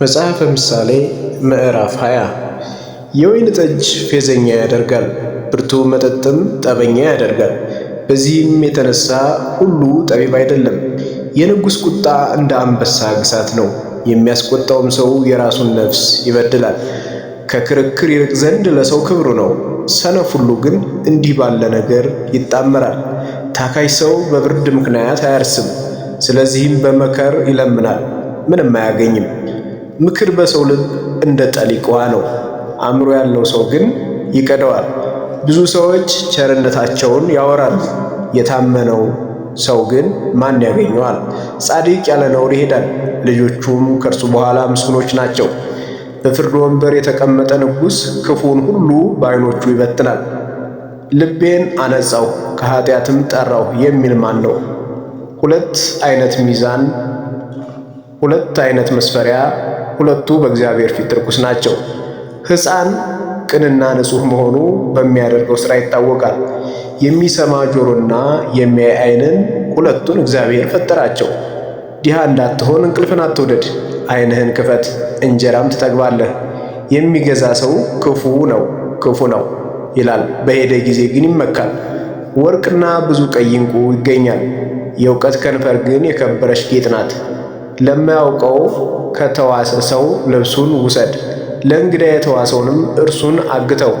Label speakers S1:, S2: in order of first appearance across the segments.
S1: መጽሐፈ ምሳሌ ምዕራፍ 20 የወይን ጠጅ ፌዘኛ ያደርጋል፣ ብርቱ መጠጥም ጠበኛ ያደርጋል። በዚህም የተነሳ ሁሉ ጠቢብ አይደለም። የንጉሥ ቁጣ እንደ አንበሳ ግሳት ነው፣ የሚያስቆጣውም ሰው የራሱን ነፍስ ይበድላል። ከክርክር ይርቅ ዘንድ ለሰው ክብሩ ነው፣ ሰነፍ ሁሉ ግን እንዲህ ባለ ነገር ይጣመራል። ታካይ ሰው በብርድ ምክንያት አያርስም፣ ስለዚህም በመከር ይለምናል፣ ምንም አያገኝም። ምክር በሰው ልብ እንደ ጠሊቅ ውሃ ነው፣ አእምሮ ያለው ሰው ግን ይቀደዋል። ብዙ ሰዎች ቸርነታቸውን ያወራል፣ የታመነው ሰው ግን ማን ያገኘዋል? ጻድቅ ያለ ነውር ይሄዳል፣ ልጆቹም ከእርሱ በኋላ ምስኖች ናቸው። በፍርድ ወንበር የተቀመጠ ንጉሥ ክፉን ሁሉ በዐይኖቹ ይበትናል። ልቤን አነጻው ከኃጢአትም ጠራው የሚል ማን ነው? ሁለት አይነት ሚዛን፣ ሁለት አይነት መስፈሪያ ሁለቱ በእግዚአብሔር ፊት ርኩስ ናቸው። ሕፃን ቅንና ንጹሕ መሆኑ በሚያደርገው ሥራ ይታወቃል። የሚሰማ ጆሮና የሚያይ ዓይንን ሁለቱን እግዚአብሔር ፈጠራቸው። ድሃ እንዳትሆን እንቅልፍን አትውደድ፣ ዓይንህን ክፈት፣ እንጀራም ትጠግባለህ። የሚገዛ ሰው ክፉ ነው ክፉ ነው ይላል፣ በሄደ ጊዜ ግን ይመካል። ወርቅና ብዙ ቀይ ዕንቁ ይገኛል፣ የእውቀት ከንፈር ግን የከበረች ጌጥ ናት። ለማያውቀው ከተዋሰ ሰው ልብሱን ውሰድ፣ ለእንግዳ የተዋሰውንም እርሱን አግተው።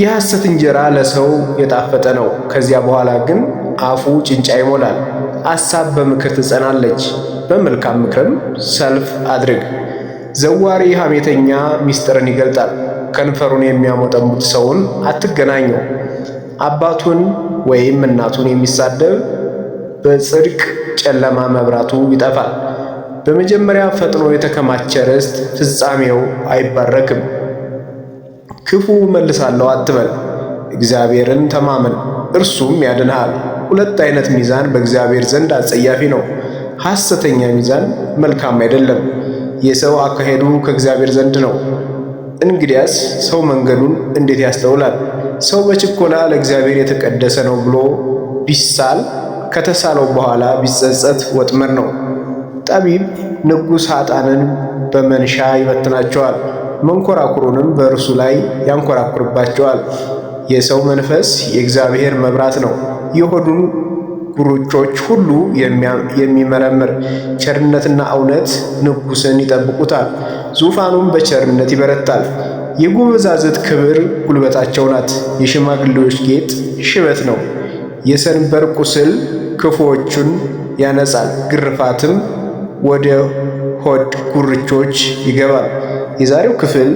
S1: የሐሰት እንጀራ ለሰው የጣፈጠ ነው፣ ከዚያ በኋላ ግን አፉ ጭንጫ ይሞላል። አሳብ በምክር ትጸናለች፣ በመልካም ምክርም ሰልፍ አድርግ። ዘዋሪ ሐሜተኛ ምስጢርን ይገልጣል፣ ከንፈሩን የሚያሞጠሙት ሰውን አትገናኘው። አባቱን ወይም እናቱን የሚሳደብ በጽድቅ ጨለማ መብራቱ ይጠፋል። በመጀመሪያ ፈጥኖ የተከማቸ ርስት ፍጻሜው አይባረክም። ክፉ መልሳለሁ አትበል፣ እግዚአብሔርን ተማመን እርሱም ያድንሃል። ሁለት አይነት ሚዛን በእግዚአብሔር ዘንድ አጸያፊ ነው። ሐሰተኛ ሚዛን መልካም አይደለም። የሰው አካሄዱ ከእግዚአብሔር ዘንድ ነው። እንግዲያስ ሰው መንገዱን እንዴት ያስተውላል? ሰው በችኮላ ለእግዚአብሔር የተቀደሰ ነው ብሎ ቢሳል ከተሳለው በኋላ ቢጸጸት ወጥመድ ነው። ጠቢብ ንጉሥ ኃጣንን በመንሻ ይበትናቸዋል፣ መንኮራኩሩንም በእርሱ ላይ ያንኮራኩርባቸዋል። የሰው መንፈስ የእግዚአብሔር መብራት ነው፣ የሆዱን ጉሮቾች ሁሉ የሚመረምር ቸርነትና እውነት ንጉሥን ይጠብቁታል፣ ዙፋኑም በቸርነት ይበረታል። የጎበዛዝት ክብር ጉልበታቸው ናት፣ የሽማግሌዎች ጌጥ ሽበት ነው። የሰንበር ቁስል ክፉዎቹን ያነጻል፣ ግርፋትም ወደ ሆድ ጉርቾች ይገባል። የዛሬው ክፍል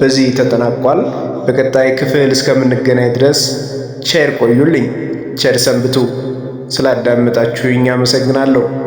S1: በዚህ ተጠናቋል። በቀጣይ ክፍል እስከምንገናኝ ድረስ ቸር ቆዩልኝ፣ ቸር ሰንብቱ። ስላዳመጣችሁኝ አመሰግናለሁ።